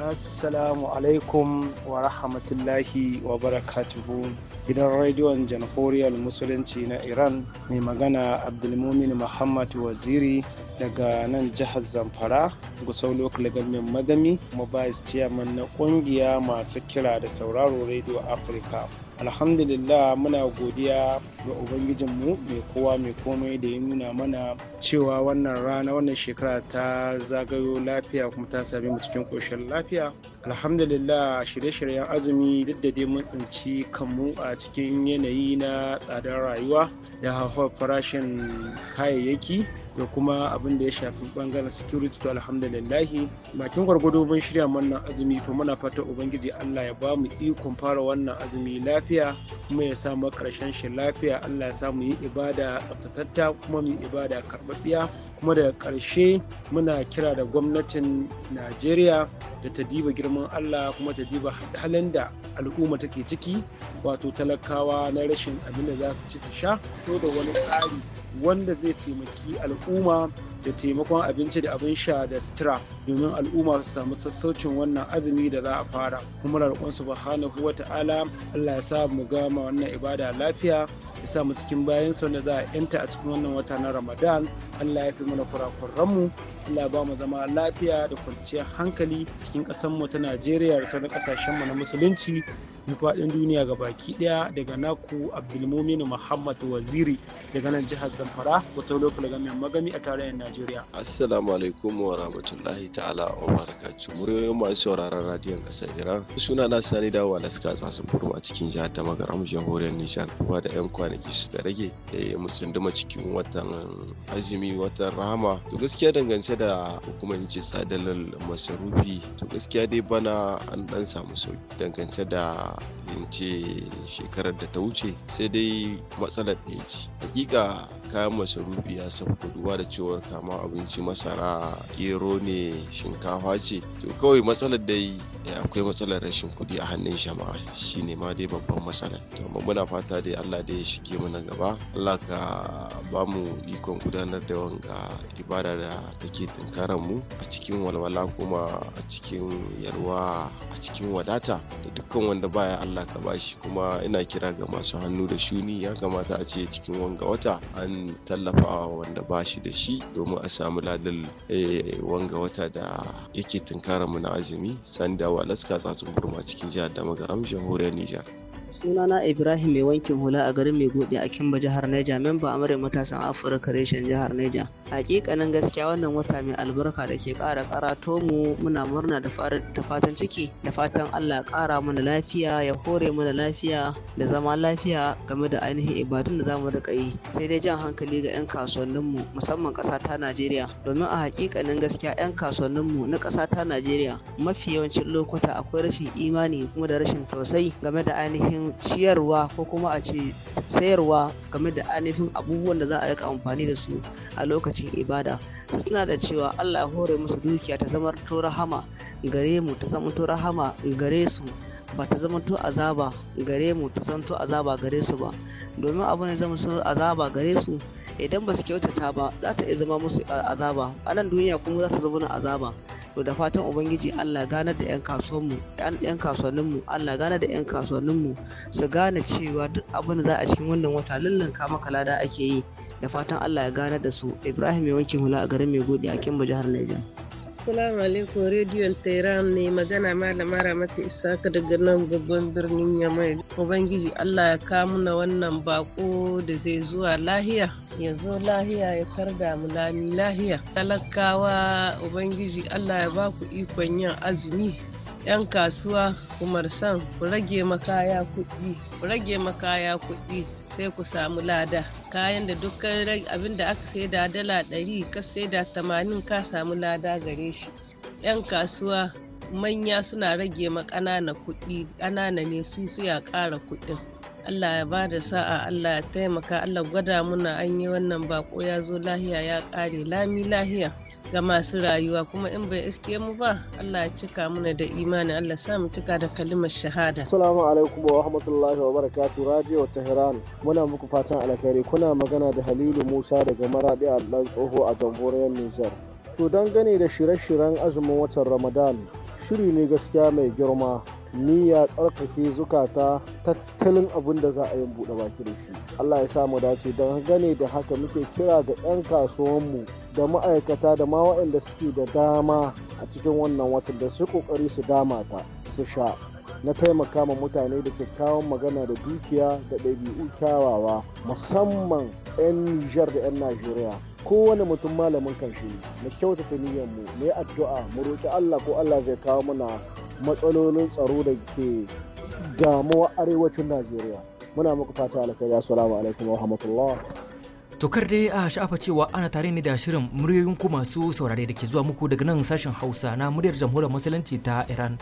[SPEAKER 16] Assalamu alaikum wa rahmatullahi wa barakatuhu. Gidan rediyon Jamhuriyar Musulunci na Iran mai magana Abdulmumin Muhammad Waziri daga nan jihar Zamfara, Gusau Local Government Magami, Mobile Chairman na kungiya masu kira da sauraro Radio afirka. alhamdulillah muna godiya ga ubangijinmu mai kowa mai komai da ya nuna mana cewa wannan rana wannan shekara ta zagayo lafiya kuma ta sami mu cikin koshin lafiya alhamdulillah shirye-shiryen azumi duk da dai mun tsinci kanmu a cikin yanayi na tsadar rayuwa da hauhawar farashin kayayyaki da kuma abin da ya shafi bangaren security to alhamdulillahi bakin gwargwado mun shirya wannan azumi to muna fata ubangiji allah ya ba mu ikon fara wannan azumi lafiya kuma ya samu karshen shi lafiya allah ya samu yi ibada tsaftatatta kuma mu yi ibada karɓaɓɓiya kuma daga karshe muna kira da gwamnatin najeriya da ta diba girman allah kuma ta diba halin da al'umma take ciki wato talakawa na rashin abin da za su ci su sha to da wani tsari wanda zai taimaki al'umma da taimakon abinci da abin sha da sutura domin al'umma su samu sassaucin wannan azumi da za a fara kuma roƙon subhanahu wa ta'ala Allah ya sa mu gama wannan ibada lafiya ya sa mu cikin bayan sa da za a yanta a cikin wannan wata na Ramadan Allah ya fi mana kurakuran mu Allah ya ba mu zama lafiya da kwanciyar hankali cikin ƙasar mu ta Najeriya da sauran ƙasashen mu na musulunci mu faɗin duniya ga baki ɗaya daga naku Abdulmumin Muhammad Waziri daga nan jihar Zamfara wata lokacin gami magami a tarayyar Najeriya.
[SPEAKER 17] Assalamu alaikum wa rahmatullahi ta'ala wa barakatuh muryoyin masu sauraron radiyon kasar iran suna na sani dawowa da suka tsasin furu a cikin jihar da magaram jamhuriyar nijar kuma da yan kwanaki suka rage da eh, musunduma cikin watan azumi watan rahama to gaskiya dangance da hukumar ce sadalar masarufi to gaskiya dai bana an dan samu sauki dangance da yance shekarar da ta wuce sai dai matsalar da ce hakika kayan masarufi ya sauko duba da cewar kama abinci masara gero ne shinkafa ce to kawai matsalar dai eh, akwai matsalar rashin kuɗi a hannun Shi ne ma dai babban matsala. to amma muna fata dai Allah dai ya shige mu gaba Allah ka ba mu ikon gudanar da wanga ibada da take tunkaran mu a cikin walwala kuma a cikin yarwa a cikin wadata da dukkan wanda baya Allah ka bashi kuma ina kira ga masu hannu da shuni ya kamata a ce cikin wanga wata an Tallafa tallafawa wanda ba shi da shi domin a samu ladin eh, wanga wata da yake tunkara mu na azumi sanda walaska tsatsun burma cikin jihar da magaram jamhuriyar Nijar.
[SPEAKER 18] sunana ibrahim mai wankin hula a garin maigode a kimba jihar neja memba amurka matasan afirka reshen jihar neja hakikanin gaskiya wannan wata mai albarka da ke kara karato mu muna murna da fatan ciki da fatan allah kara mana lafiya ya hore mana lafiya da zama lafiya game da ainihin ibadun da zamu rika yi sai dai jan hankali ga 'yan kasuwanninmu musamman ƙasa ta najeriya domin a hakikanin gaskiya 'yan mu na ƙasa ta najeriya mafi yawancin lokuta akwai rashin imani kuma da rashin tausayi game da ainihin ainihin ciyarwa ko kuma a ce sayarwa game da ainihin abubuwan da za a rika amfani da su a lokacin ibada suna da cewa allah ya hore musu dukiya ta zama to rahama gare mu ta zama to rahama gare su ba ta zama to azaba gare mu ta zama to azaba gare su ba domin abu ne zama azaba gare su idan ba su kyautata ba za ta iya zama musu azaba a nan duniya kuma za su zama azaba to da fatan ubangiji Allah gane da yan kasuwanmu yan kasuwanninmu Allah gane da yan kasuwanninmu su gane cewa duk abin da za a cikin wannan wata lallan kama kalada ake yi da fatan Allah ya gane da su Ibrahim ya wanke hula a garin mai Maigodi a Kimba jihar Niger Assalamu alaikum rediyon Tehran ne magana malama Ramatu Isaka daga nan babban birnin Yamai. Ubangiji Allah ya kamu na wannan bako da zai zuwa lahiya. Ya zo lahiya ya karda mu lami lahiya. Talakawa Ubangiji Allah ya ba ku ikon yin azumi. 'Yan kasuwa, kumar san, ku rage makaya kuɗi, ku rage makaya kuɗi. sai ku samu lada kayan da dukkan abin da aka sai da dala ɗari ka sai da tamanin ka samu lada gare shi 'yan kasuwa manya suna rage ma ƙanana kuɗi ƙanana ne su suya ƙara kuɗin Allah ya ba bada sa'a Allah ya taimaka Allah gwada muna an yi wannan baƙo. ya zo lahiya ya ƙare lami lahiya ga masu rayuwa kuma in bai iske mu ba Allah ya cika muna da imani Allah sa mu cika da kalimar shahada
[SPEAKER 19] assalamu alaikum wa rahmatullahi wa barakatuh radio tehran muna muku fatan alkhairi kuna magana da Halilu Musa daga Maradi a Dan Tsoho a Jamhuriyar Niger to dangane da shirye-shiryen azumin watan Ramadan shiri ne gaskiya mai girma niyya tsarkake zukata tattalin abin da za a yi buɗe baki da shi Allah ya sa mu dace don gane da haka muke kira ga 'yan kasuwanmu da ma'aikata da ma waɗanda suke da dama a cikin wannan watan da su kokari su dama ta su sha na taimaka ma mutane da kyakkyawan magana da dukiya da ɗabi'u kyawawa musamman 'yan nijar da 'yan najeriya kowane mutum malamin kan shi kyauta kyautata niyyar mu yi addu'a mu roƙi allah ko allah zai kawo mana matsalolin tsaro da ke damuwa arewacin najeriya muna muku fata alkhairi assalamu alaikum wa rahmatullah
[SPEAKER 1] Tokar dai a sha'afa cewa ana tare ne da shirin muryoyin ku masu saurare da ke zuwa muku daga nan sashen Hausa na muryar jamhuriyar musulunci ta Iran.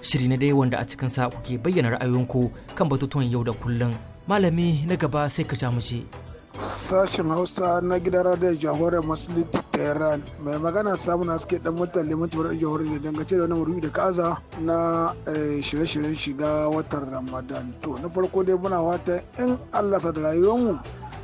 [SPEAKER 1] Shiri na dai wanda a cikin sa kuke bayyana ra'ayoyinku kan batutuwan yau da kullum. Malami na gaba sai ka sha mace.
[SPEAKER 9] Sashen Hausa na gida radiyon jamhuriyar musulunci ta Iran mai magana samun na suke dan mutan limanci bar jamhuriyar da dangace da wani murmi da kaza na eh, shirye-shiryen shiga watan Ramadan. To na farko dai muna wata in Allah sa da rayuwarmu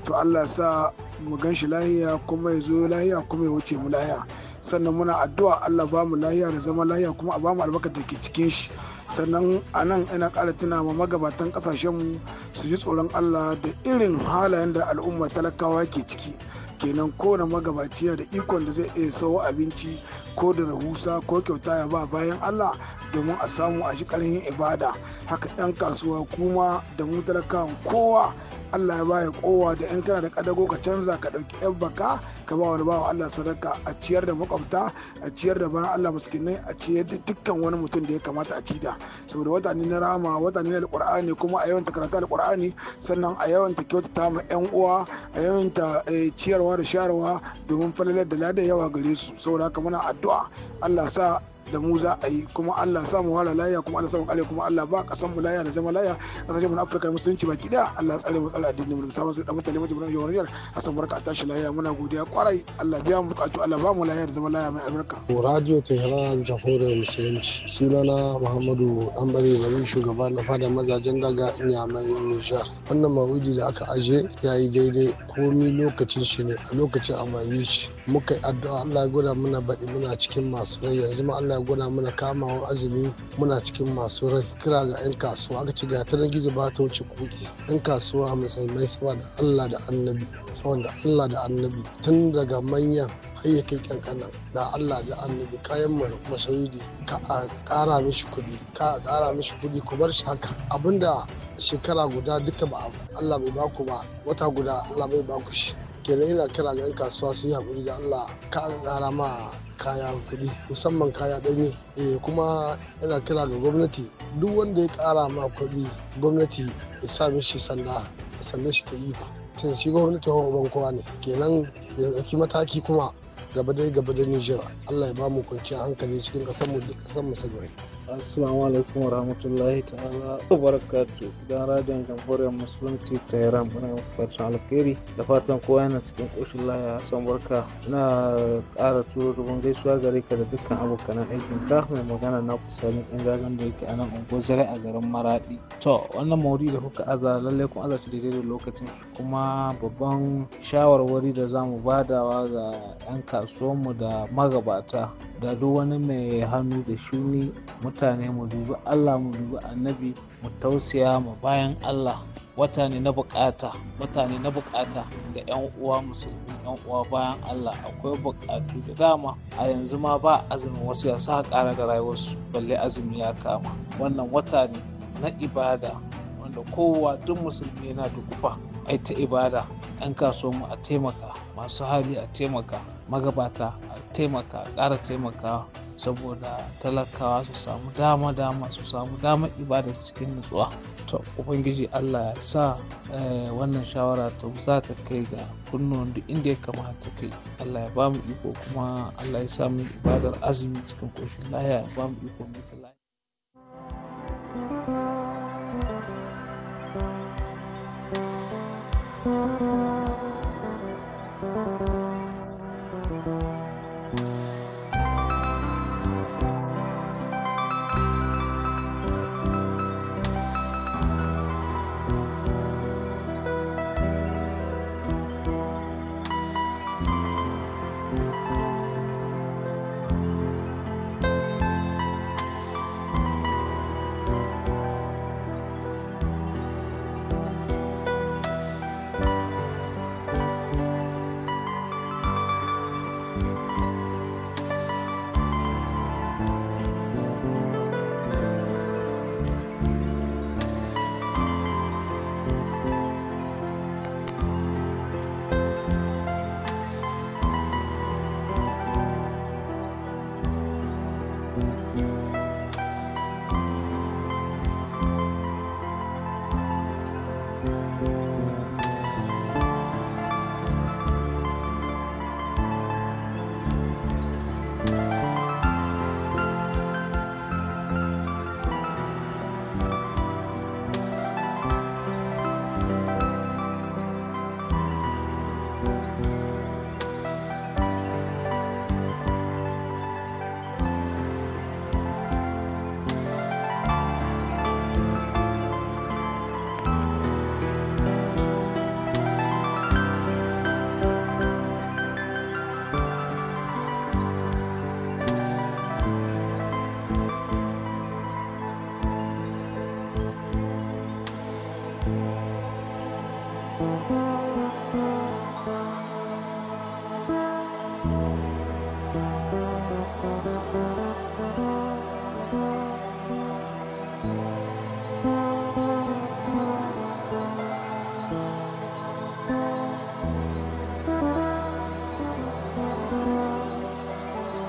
[SPEAKER 9] to allah sa mu gan shi lahiya kuma ya zo lahiya kuma ya wuce mu lahiya sannan muna addu'a allah ba mu lahiya da zama lahiya kuma a ba mu albarkar da ke cikin shi sannan a nan ina ƙara tuna ma magabatan ƙasashenmu su ji tsoron allah da irin halayen da al'umma talakawa ke ciki kenan kowane magabaci da ikon da zai iya sawo abinci ko da rahusa ko kyauta ya ba bayan allah domin a samu a shi yin ibada haka 'yan kasuwa kuma da mu talakawan kowa Allah ya baya kowa da yan kana da kadago ka canza ka dauki yan baka ka ba wani bawa Allah sadaka a ciyar da makwabta a ciyar da bayan Allah miskinai a ciyar da dukkan wani mutum da ya kamata a cida saboda wata ne na rama wata ne na alqur'ani kuma a yawan ta karatu sannan a yawan ta kyautata ma yan uwa a yawan ta eh, ciyarwa da sharwa domin falalar da lada yawa gare su saboda haka muna addu'a Allah sa da mu za a yi kuma Allah sa mu wala laya kuma Allah sa mu kare kuma Allah ba kasan mu laya da zama laya kasashen mu na Afirka musulunci baki daya Allah tsare mu tsare addinin mu sabon sai da mutane mutum yawar jawariyar Hassan barka a tashi laya muna godiya kwarai Allah biya mu bukatu Allah ba mu laya da zama laya mai
[SPEAKER 19] albarka Radio Tehran Jamhuriyar Musulunci sunana Muhammadu Dambare Bari shugaba na fada mazajen daga Nyamai Nijar wannan mawudi da aka aje yayi daidai komi lokacin shi ne a lokacin a yi shi muka yi addu'a Allah ya gwada muna baɗi muna cikin masu rai yanzu ma Allah ya gwada muna kamawa azumi muna cikin masu rai kira ga 'yan kasuwa aka ci ga nan gizo ba ta wuce kuɗi 'yan kasuwa musulmai saboda Allah da annabi saboda Allah da annabi tun daga manyan har ya kai kankana da Allah da annabi kayan masarudi ka a ƙara mishi kuɗi ka a ƙara mishi kuɗi ku bar shi haka abinda shekara guda duka ba Allah bai baku ba wata guda Allah bai baku shi kenan ina kira ga 'yan kasuwa su yi haƙuri da allah ka ƙara ma kaya kuɗi musamman kaya ɗanye e, kuma yana kira ga gwamnati duk wanda ya ƙara ma kuɗi gwamnati ya sa mishi sanda sanda shi ta iko tun shi gwamnati hawa ban kowa ne kenan ya ɗauki mataki kuma gaba dai gaba da nijar allah ya ba mu kwanciyar hankali cikin ƙasar mu da ƙasar musulmai
[SPEAKER 20] Assalamu alaikum wa rahmatullahi ta'ala wa barakatu don radiyon jamhuriyar musulunci ta Iran muna fatan alkhairi da fatan kowa yana cikin koshin laya san barka na ƙara turo rubun gaisuwa gare ka da dukkan abokan aikin ka mai magana na kusalin ɗan gagan da yake a nan unguwar a garin maraɗi. To wannan maudi da kuka aza lalle kun aza shi daidai da lokacin kuma babban shawarwari da zamu badawa ga 'yan kasuwanmu da magabata da duk wani mai hannu da shuni mutane mu dubi allah mu dubi annabi mu tausaya mu bayan allah wata ne na bukata wata na bukata ga yan uwa musulmi yan uwa bayan Allah akwai bukatu da dama a yanzu ma ba azumin wasu ya sa kara da rayuwarsu balle azumi ya kama wannan wata ne na ibada wanda kowa duk musulmi yana da kufa ai ta ibada yan mu a taimaka masu hali a taimaka magabata a taimaka ƙara taimaka saboda talakawa su samu dama dama su samu dama ibada cikin nutsuwa to ubangiji allah ya sa eh, wannan shawara ta za ta kai ga kunnuwan duk inda ya kamata kai allah ya ba mu iko kuma allah ya sa ibadar azumi cikin koshin lahiya ya ba mu iko mai